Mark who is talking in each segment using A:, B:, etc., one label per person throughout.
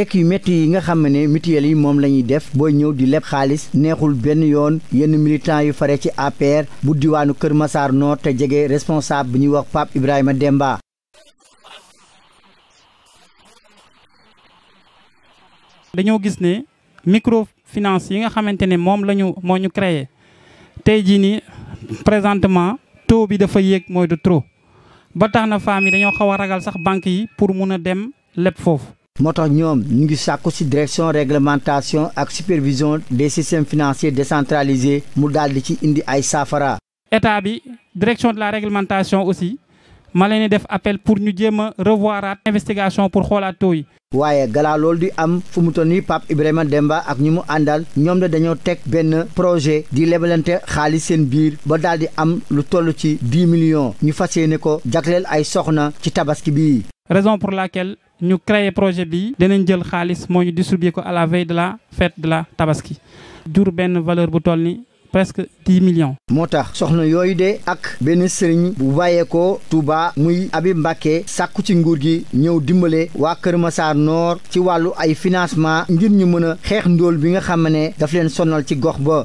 A: chèque yu métti yi nga xam ne mutuelle yi moom la ñuy def booy ñëw di leb xaalis neexul benn yoon yenn militant yu fare ci APR bu diwaanu Kër Massar Nord te jege responsable bi ñuy wax Pape Ibrahima Demba.
B: dañoo gis ne microfinance yi nga xamante ne moom la ñu moo ñu créé tey jii nii présentement taux bi dafa yéeg mooy de trop ba tax na femmes yi dañoo xaw a ragal sax banque yi pour mun a dem
A: leb foofu. motax tax ñoom ñu ngi ci direction réglementation ak supervision des systèmes financiers décentralisés mu daldi ci indi ay safara
B: état bi direction de la réglementation aussi ma leni def appel pour ñu revoir a investigation pour xoolaat taux yi.
A: waaye galaa am fu mu Pape Ibrahima Demba ak ñu mu ñoom de dañoo tek Ben, projet di lebalante xaalis seen biir ba daldi am lu tollu ci dix millions ñu fas ko jaklel ay soxna ci tabaski bi
B: raison pour laquelle ñu créer projet bi danañ jël xaalis moo ñu distribuer ko à la veille de la fête de la tabaski jur benn valeur bu toll ni
A: presque dix moo tax soxna yooyu de ak benn sëriñ bu bàyyeekoo Touba muy abi Mbacke sàkku ci nguur gi ñëw dimbale waa Kër Massar noor ci wàllu ay financement ngir ñu mën a xeex ndóol bi nga xam ne daf leen sonal ci gox ba.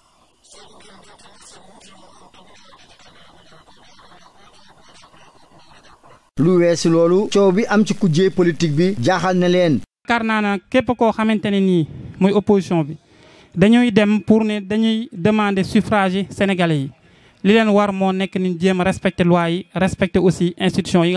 A: lu weesu loolu coow bi am ci kujjee politik bi jaaxal na leen.
B: yaakaar naa ne képp koo xamante ne nii mooy opposition bi dañuy dem pour ne dañuy demande suffrage sénégalais yi. Les war aussi institution yi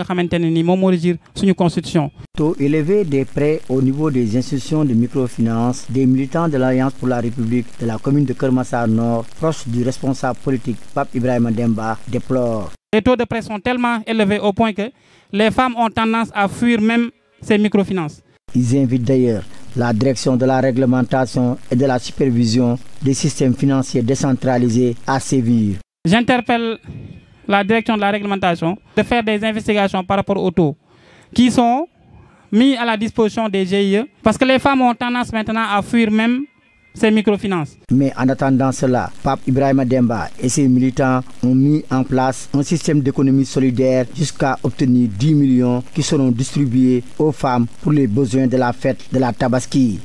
A: ni constitution. taux élevé des prêts au niveau des institutions de microfinance des militants de l'Alliance pour la République de la commune de Kermassar Nord proche du responsable politique Pape Ibrahim Demba déplore.
B: les taux de prêts sont tellement élevés au point que les femmes ont tendance à fuir même ces microfinances.
A: Ils invitent d'ailleurs la direction de la réglementation et de la supervision des systèmes financiers décentralisés à sévir
B: j'interpelle la direction de la réglementation de faire des investigations par rapport aux taux qui sont mis à la disposition des GIE parce que les femmes ont tendance maintenant à fuir même ces microfinances.
A: Mais en attendant cela, Pape Ibrahim Demba et ses militants ont mis en place un système d'économie solidaire jusqu'à obtenir 10 millions qui seront distribués aux femmes pour les besoins de la fête de la Tabaski.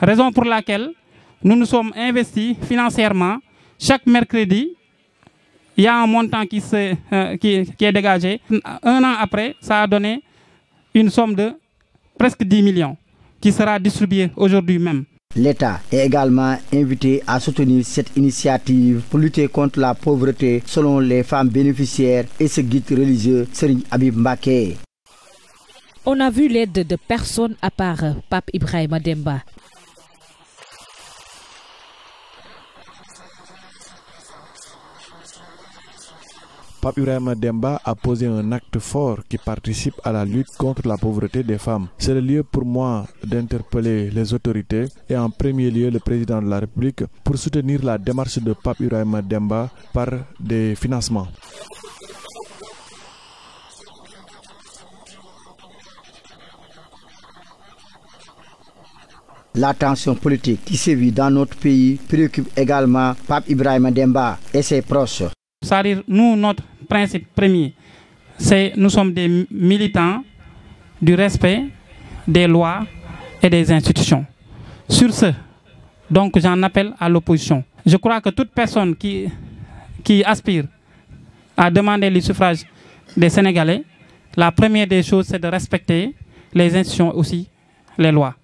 B: Raison pour laquelle nous nous sommes investis financièrement chaque mercredi il y a un montant euh, qui, est dégagé. Un an après, ça a donné une somme de presque 10 millions qui sera distribuée aujourd'hui même.
A: L'État est également invité à soutenir cette initiative pour lutter contre la pauvreté selon les femmes bénéficiaires et ce guide religieux Serigne Abib Mbake.
B: On a vu l'aide de personnes à part Pape Ibrahim Demba. Pape Ibrahim Demba a posé un acte fort qui participe à la lutte contre la pauvreté des femmes. C'est le lieu pour moi d'interpeller les autorités et en premier lieu le président de la République pour soutenir la démarche de Pape Ibrahim Demba par
A: des financements. La tension politique qui sévit dans notre pays préoccupe également Pape Ibrahim Demba et ses proches.
B: nous, notre principe premier, c'est nous sommes des militants du respect des lois et des institutions. Sur ce, donc j'en appelle à l'opposition. Je crois que toute personne qui, qui aspire à demander le suffrage des Sénégalais, la première des choses, c'est de respecter les institutions aussi, les lois.